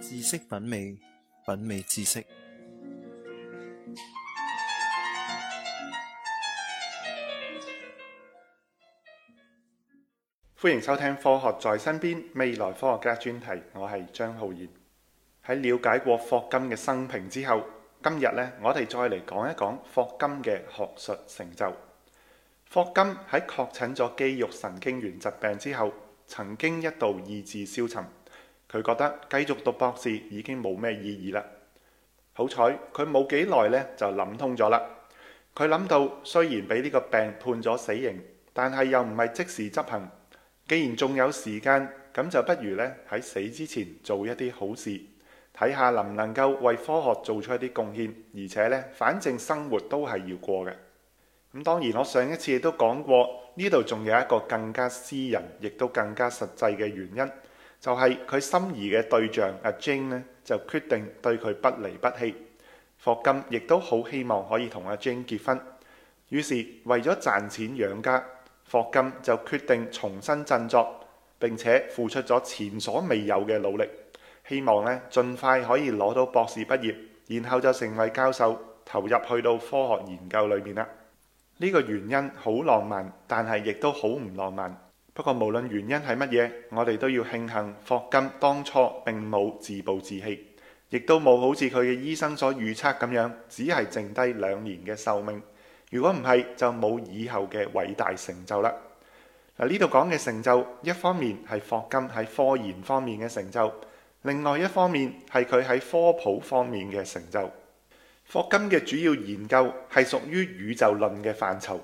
知識品味，品味知識。歡迎收聽《科學在身邊》未來科學家專題。我係張浩然。喺了解過霍金嘅生平之後，今日呢，我哋再嚟講一講霍金嘅學術成就。霍金喺確診咗肌肉神經元疾病之後，曾經一度意志消沉。佢覺得繼續讀博士已經冇咩意義啦。好彩佢冇幾耐呢就諗通咗啦。佢諗到雖然俾呢個病判咗死刑，但係又唔係即時執行。既然仲有時間，咁就不如呢喺死之前做一啲好事，睇下能唔能夠為科學做出一啲貢獻。而且呢，反正生活都係要過嘅。咁，嗯，當然，我上一次都講過，呢度仲有一個更加私人，亦都更加實際嘅原因。就係佢心儀嘅對象阿 Jane 呢，就決定對佢不離不棄。霍金亦都好希望可以同阿 Jane 結婚。於是為咗賺錢養家，霍金就決定重新振作，並且付出咗前所未有嘅努力，希望呢，盡快可以攞到博士畢業，然後就成為教授，投入去到科學研究裏面啦。呢個原因好浪漫，但係亦都好唔浪漫。不過，無論原因係乜嘢，我哋都要慶幸霍金當初並冇自暴自棄，亦都冇好似佢嘅醫生所預測咁樣，只係剩低兩年嘅壽命。如果唔係，就冇以後嘅偉大成就啦。嗱，呢度講嘅成就，一方面係霍金喺科研方面嘅成就，另外一方面係佢喺科普方面嘅成就。霍金嘅主要研究係屬於宇宙論嘅範疇。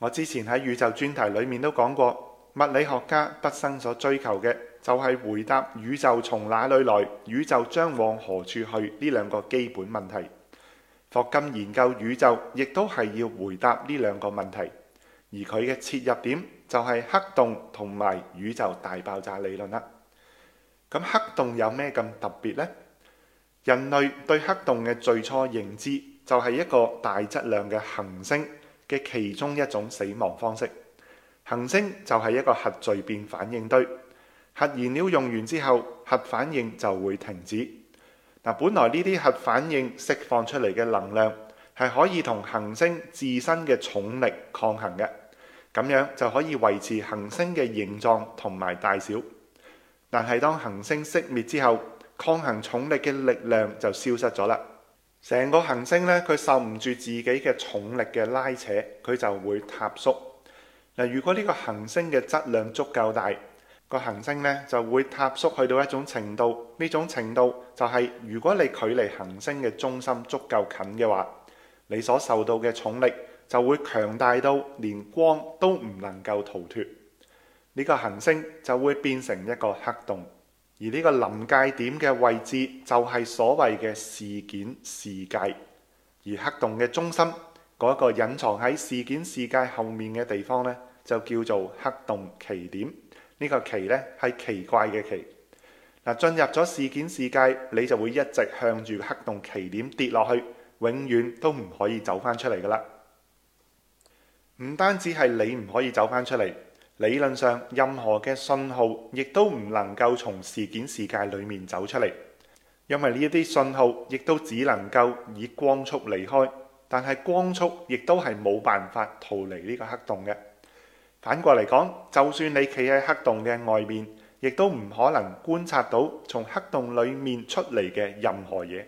我之前喺宇宙專題裡面都講過。物理學家畢生所追求嘅就係回答宇宙從哪裏來、宇宙將往何處去呢兩個基本問題。霍金研究宇宙亦都係要回答呢兩個問題，而佢嘅切入點就係黑洞同埋宇宙大爆炸理論啦。咁黑洞有咩咁特別呢？人類對黑洞嘅最初認知就係一個大質量嘅恆星嘅其中一種死亡方式。恆星就係一個核聚變反應堆，核燃料用完之後，核反應就會停止。嗱，本來呢啲核反應釋放出嚟嘅能量係可以同恆星自身嘅重力抗衡嘅，咁樣就可以維持恆星嘅形狀同埋大小。但係當恆星熄滅之後，抗衡重力嘅力量就消失咗啦，成個恆星呢，佢受唔住自己嘅重力嘅拉扯，佢就會塌縮。嗱，如果呢個行星嘅質量足夠大，這個行星呢就會塌縮去到一種程度，呢種程度就係如果你距離行星嘅中心足夠近嘅話，你所受到嘅重力就會強大到連光都唔能夠逃脫，呢、這個行星就會變成一個黑洞，而呢個臨界點嘅位置就係所謂嘅事件視界，而黑洞嘅中心。嗰一個隱藏喺事件視界後面嘅地方呢，就叫做黑洞奇點。呢個奇呢，係奇怪嘅奇。嗱，進入咗事件視界，你就會一直向住黑洞奇點跌落去，永遠都唔可以走翻出嚟㗎喇。唔單止係你唔可以走翻出嚟，理論上任何嘅信號亦都唔能夠從事件視界裡面走出嚟，因為呢一啲信號亦都只能夠以光速離開。但係光速亦都係冇辦法逃離呢個黑洞嘅。反過嚟講，就算你企喺黑洞嘅外面，亦都唔可能觀察到從黑洞裡面出嚟嘅任何嘢。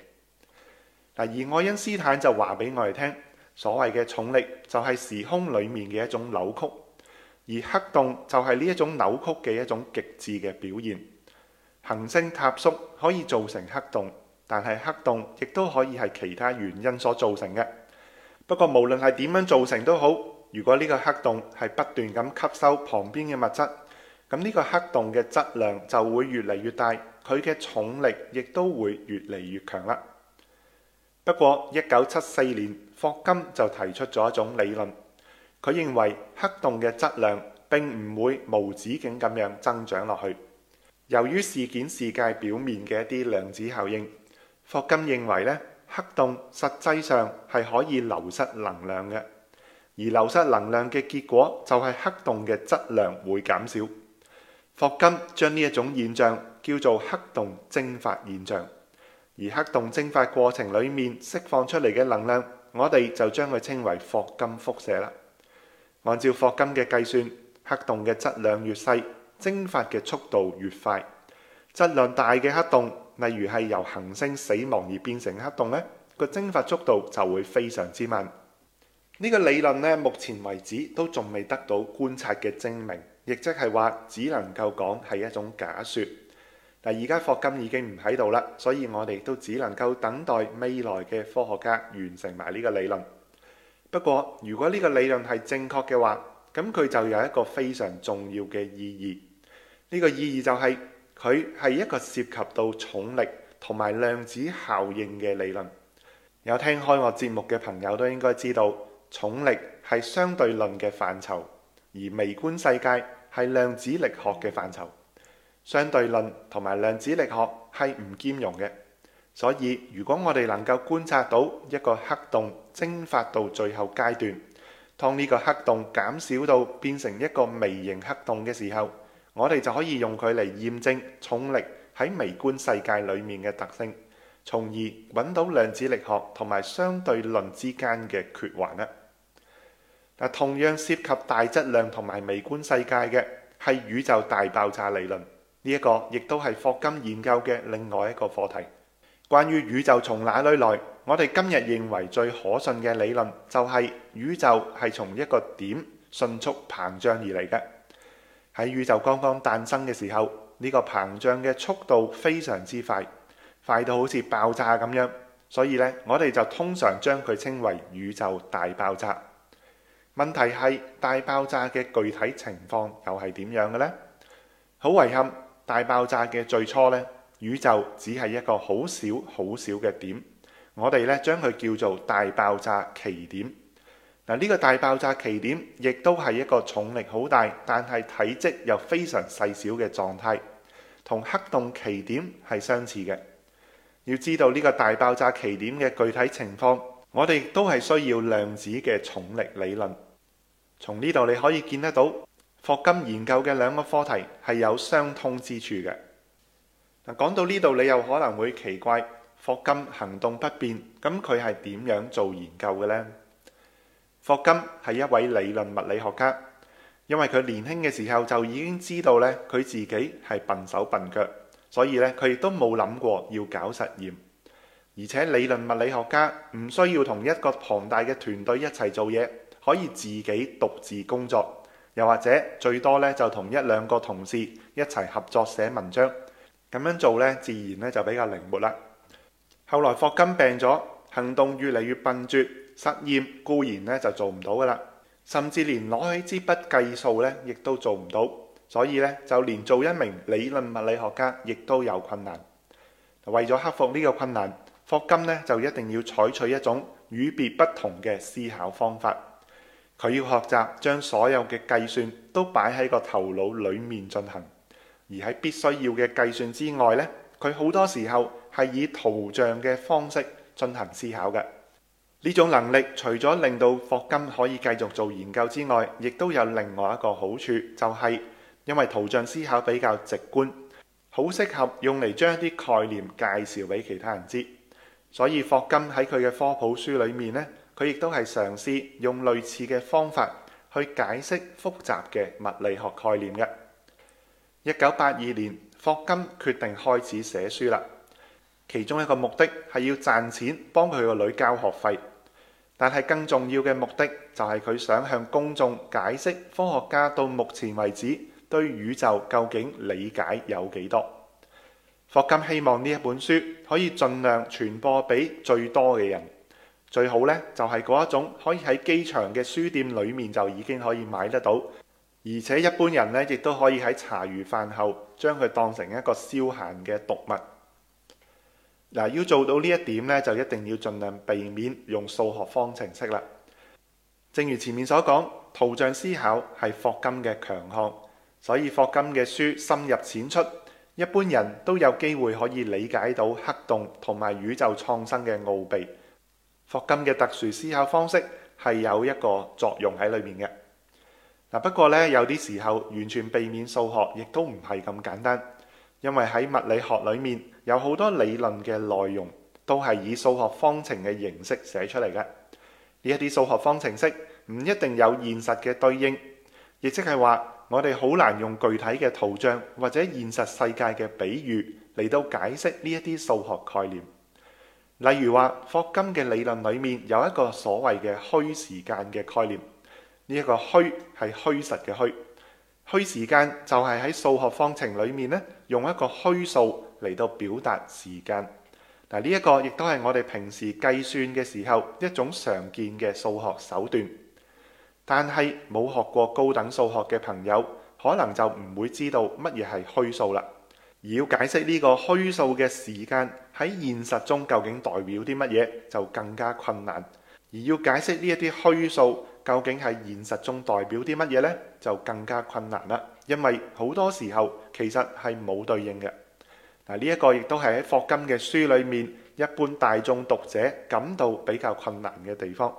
而愛因斯坦就話俾我哋聽，所謂嘅重力就係時空裡面嘅一種扭曲，而黑洞就係呢一種扭曲嘅一種極致嘅表現。恆星塌縮可以造成黑洞，但係黑洞亦都可以係其他原因所造成嘅。不過，無論係點樣造成都好，如果呢個黑洞係不斷咁吸收旁邊嘅物質，咁呢個黑洞嘅質量就會越嚟越大，佢嘅重力亦都會越嚟越強啦。不過，一九七四年霍金就提出咗一種理論，佢認為黑洞嘅質量並唔會無止境咁樣增長落去。由於事件視界表面嘅一啲量子效應，霍金認為呢，黑洞實際上係可以流失能量嘅，而流失能量嘅結果就係黑洞嘅質量會減少。霍金將呢一種現象叫做黑洞蒸發現象，而黑洞蒸發過程裡面釋放出嚟嘅能量，我哋就將佢稱為霍金輻射啦。按照霍金嘅計算，黑洞嘅質量越細，蒸發嘅速度越快，質量大嘅黑洞。例如係由恆星死亡而變成黑洞咧，個蒸發速度就會非常之慢。呢個理論咧，目前為止都仲未得到觀察嘅證明，亦即係話只能夠講係一種假説。但而家霍金已經唔喺度啦，所以我哋都只能夠等待未來嘅科學家完成埋呢個理論。不過，如果呢個理論係正確嘅話，咁佢就有一個非常重要嘅意義。呢個意義就係。佢係一個涉及到重力同埋量子效應嘅理論。有聽開我節目嘅朋友都應該知道，重力係相對論嘅範疇，而微觀世界係量子力學嘅範疇。相對論同埋量子力學係唔兼容嘅。所以如果我哋能夠觀察到一個黑洞蒸發到最後階段，當呢個黑洞減少到變成一個微型黑洞嘅時候，我哋就可以用佢嚟驗證重力喺微觀世界裏面嘅特性，從而揾到量子力學同埋相對論之間嘅缺環咧。同樣涉及大質量同埋微觀世界嘅係宇宙大爆炸理論，呢一個亦都係霍金研究嘅另外一個課題。關於宇宙從哪裏來，我哋今日認為最可信嘅理論就係宇宙係從一個點迅速膨脹而嚟嘅。喺宇宙剛剛誕生嘅時候，呢個膨脹嘅速度非常之快，快到好似爆炸咁樣。所以呢，我哋就通常將佢稱為宇宙大爆炸。問題係大爆炸嘅具體情況又係點樣嘅呢？好遺憾，大爆炸嘅最初呢，宇宙只係一個好小好小嘅點。我哋呢將佢叫做大爆炸奇點。嗱，呢個大爆炸奇點亦都係一個重力好大，但係體積又非常細小嘅狀態，同黑洞奇點係相似嘅。要知道呢個大爆炸奇點嘅具體情況，我哋都係需要量子嘅重力理論。從呢度你可以見得到霍金研究嘅兩個課題係有相通之處嘅。嗱，講到呢度，你又可能會奇怪，霍金行動不便，咁佢係點樣做研究嘅呢？霍金係一位理論物理學家，因為佢年輕嘅時候就已經知道咧，佢自己係笨手笨腳，所以咧佢亦都冇諗過要搞實驗。而且理論物理學家唔需要同一個龐大嘅團隊一齊做嘢，可以自己獨自工作，又或者最多咧就同一兩個同事一齊合作寫文章。咁樣做咧，自然咧就比較靈活啦。後來霍金病咗，行動越嚟越笨拙。實驗固然咧就做唔到㗎喇，甚至連攞起支筆計數咧，亦都做唔到。所以咧，就連做一名理論物理學家，亦都有困難。為咗克服呢個困難，霍金咧就一定要採取一種與別不同嘅思考方法。佢要學習將所有嘅計算都擺喺個頭腦裡面進行，而喺必須要嘅計算之外咧，佢好多時候係以圖像嘅方式進行思考嘅。呢種能力除咗令到霍金可以繼續做研究之外，亦都有另外一個好處，就係因為圖像思考比較直觀，好適合用嚟將一啲概念介紹俾其他人知。所以霍金喺佢嘅科普書裡面呢，佢亦都係嘗試用類似嘅方法去解釋複雜嘅物理學概念嘅。一九八二年，霍金決定開始寫書啦。其中一個目的係要賺錢幫佢個女交學費。但係更重要嘅目的，就係佢想向公眾解釋科學家到目前為止對宇宙究竟理解有幾多。霍金希望呢一本書可以盡量傳播俾最多嘅人，最好呢就係嗰一種可以喺機場嘅書店裡面就已經可以買得到，而且一般人呢亦都可以喺茶餘飯後將佢當成一個消閒嘅讀物。嗱，要做到呢一點咧，就一定要盡量避免用數學方程式啦。正如前面所講，圖像思考係霍金嘅強項，所以霍金嘅書深入淺出，一般人都有機會可以理解到黑洞同埋宇宙創生嘅奧秘。霍金嘅特殊思考方式係有一個作用喺裏面嘅。嗱，不過咧，有啲時候完全避免數學，亦都唔係咁簡單。因為喺物理學裏面有好多理論嘅內容都係以數學方程嘅形式寫出嚟嘅。呢一啲數學方程式唔一定有現實嘅對應，亦即係話我哋好難用具體嘅圖像或者現實世界嘅比喻嚟到解釋呢一啲數學概念。例如話霍金嘅理論裏面有一個所謂嘅虛時間嘅概念，呢一個虛係虛實嘅虛。虛時間就係喺數學方程裏面咧，用一個虛數嚟到表達時間。嗱，呢一個亦都係我哋平時計算嘅時候一種常見嘅數學手段。但係冇學過高等數學嘅朋友，可能就唔會知道乜嘢係虛數啦。而要解釋呢個虛數嘅時間喺現實中究竟代表啲乜嘢，就更加困難。而要解釋呢一啲虛數，究竟係現實中代表啲乜嘢呢？就更加困難啦，因為好多時候其實係冇對應嘅。嗱，呢一個亦都係喺霍金嘅書裏面，一般大眾讀者感到比較困難嘅地方。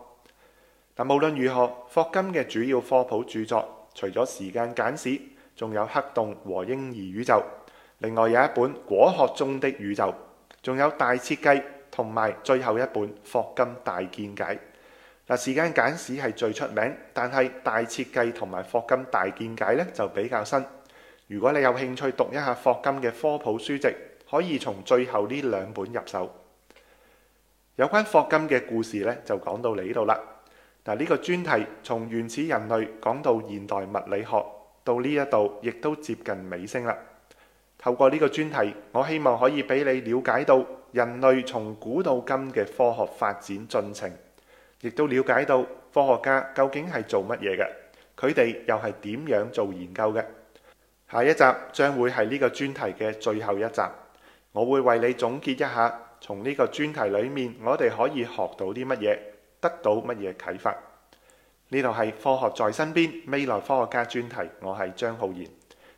但無論如何，霍金嘅主要科普著作，除咗《時間簡史》，仲有《黑洞和嬰兒宇宙》，另外有一本《果殼中的宇宙》，仲有《大設計》，同埋最後一本《霍金大見解》。嗱，時間簡史係最出名，但係大設計同埋霍金大見解呢就比較新。如果你有興趣讀一下霍金嘅科普書籍，可以從最後呢兩本入手。有關霍金嘅故事呢，就講到呢度啦。嗱、啊，呢、呢個專題從原始人類講到現代物理學，到呢一度亦都接近尾聲啦。透過呢個專題，我希望可以俾你了解到人類從古到今嘅科學發展進程。亦都了解到科學家究竟係做乜嘢嘅，佢哋又係點樣做研究嘅。下一集將會係呢個專題嘅最後一集，我會為你總結一下，從呢個專題裡面我哋可以學到啲乜嘢，得到乜嘢啟發。呢度係科學在身邊未來科學家專題，我係張浩然，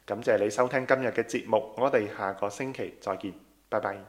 感謝你收聽今日嘅節目，我哋下個星期再見，拜拜。